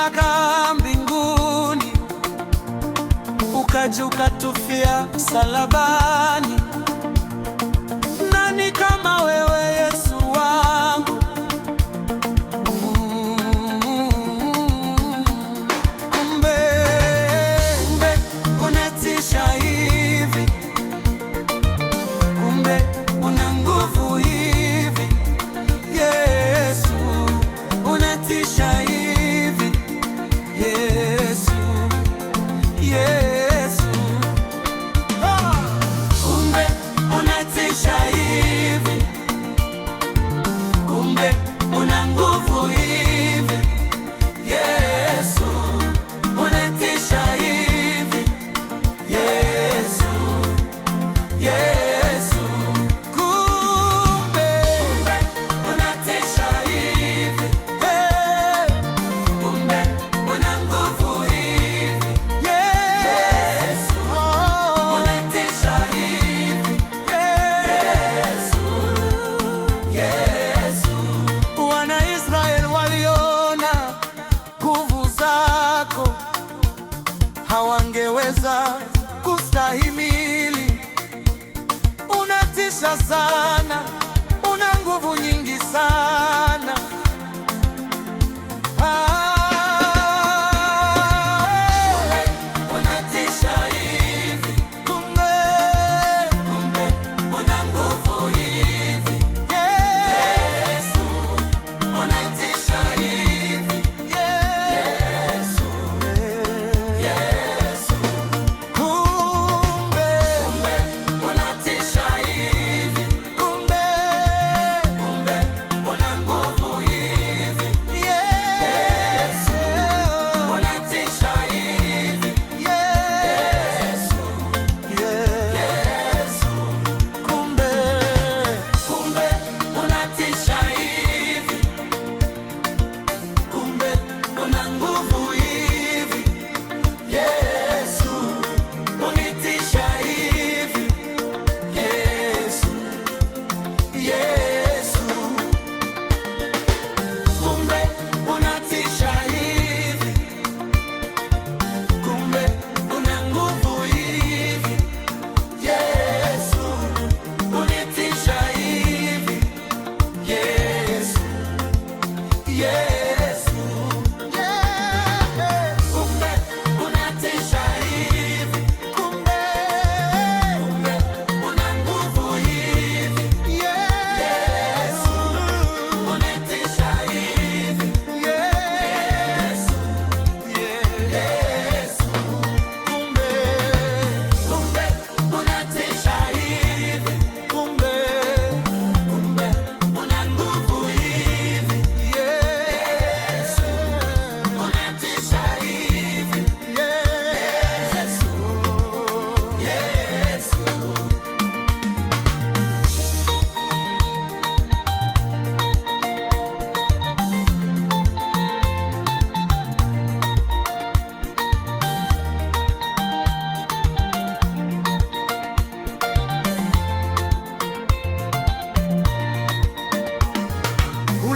mpaka mbinguni, ukaja ukatufia msalabani sasa sana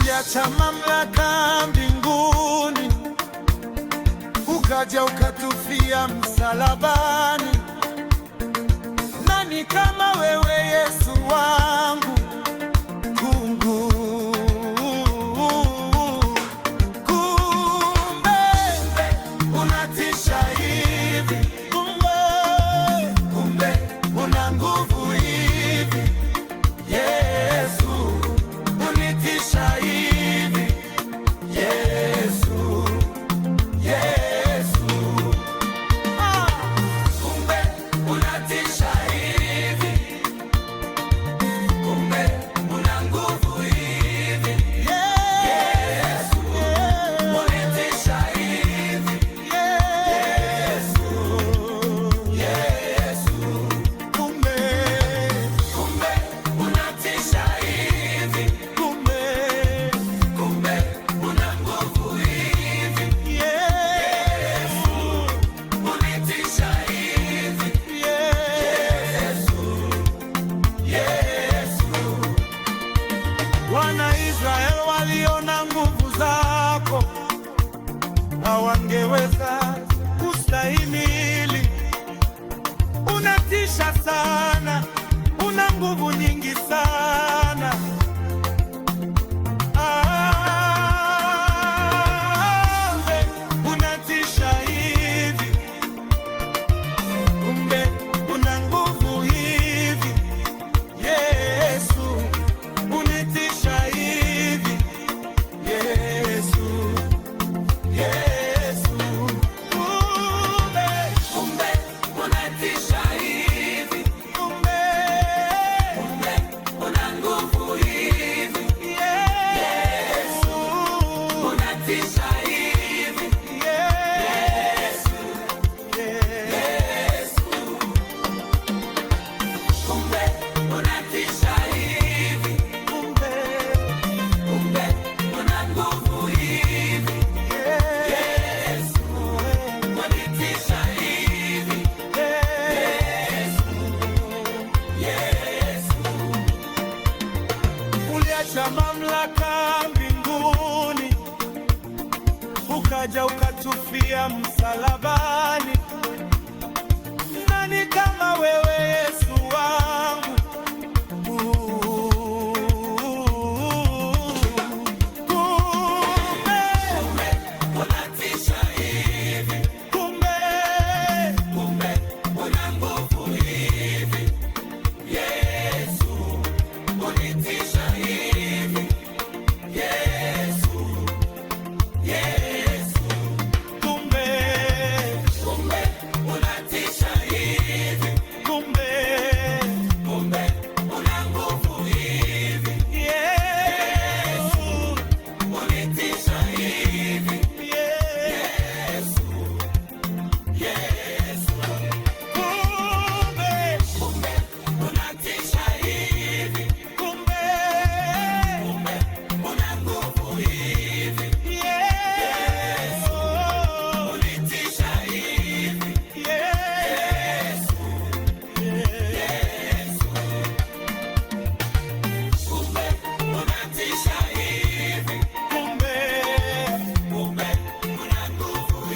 uliacha mamlaka mbinguni, ukaja ukatufia msalabani. Nani kama wewe Yesu wangu? bicha sai. cha mamlaka mbinguni, ukaja ukatufia msalabani. Nani kama wewe?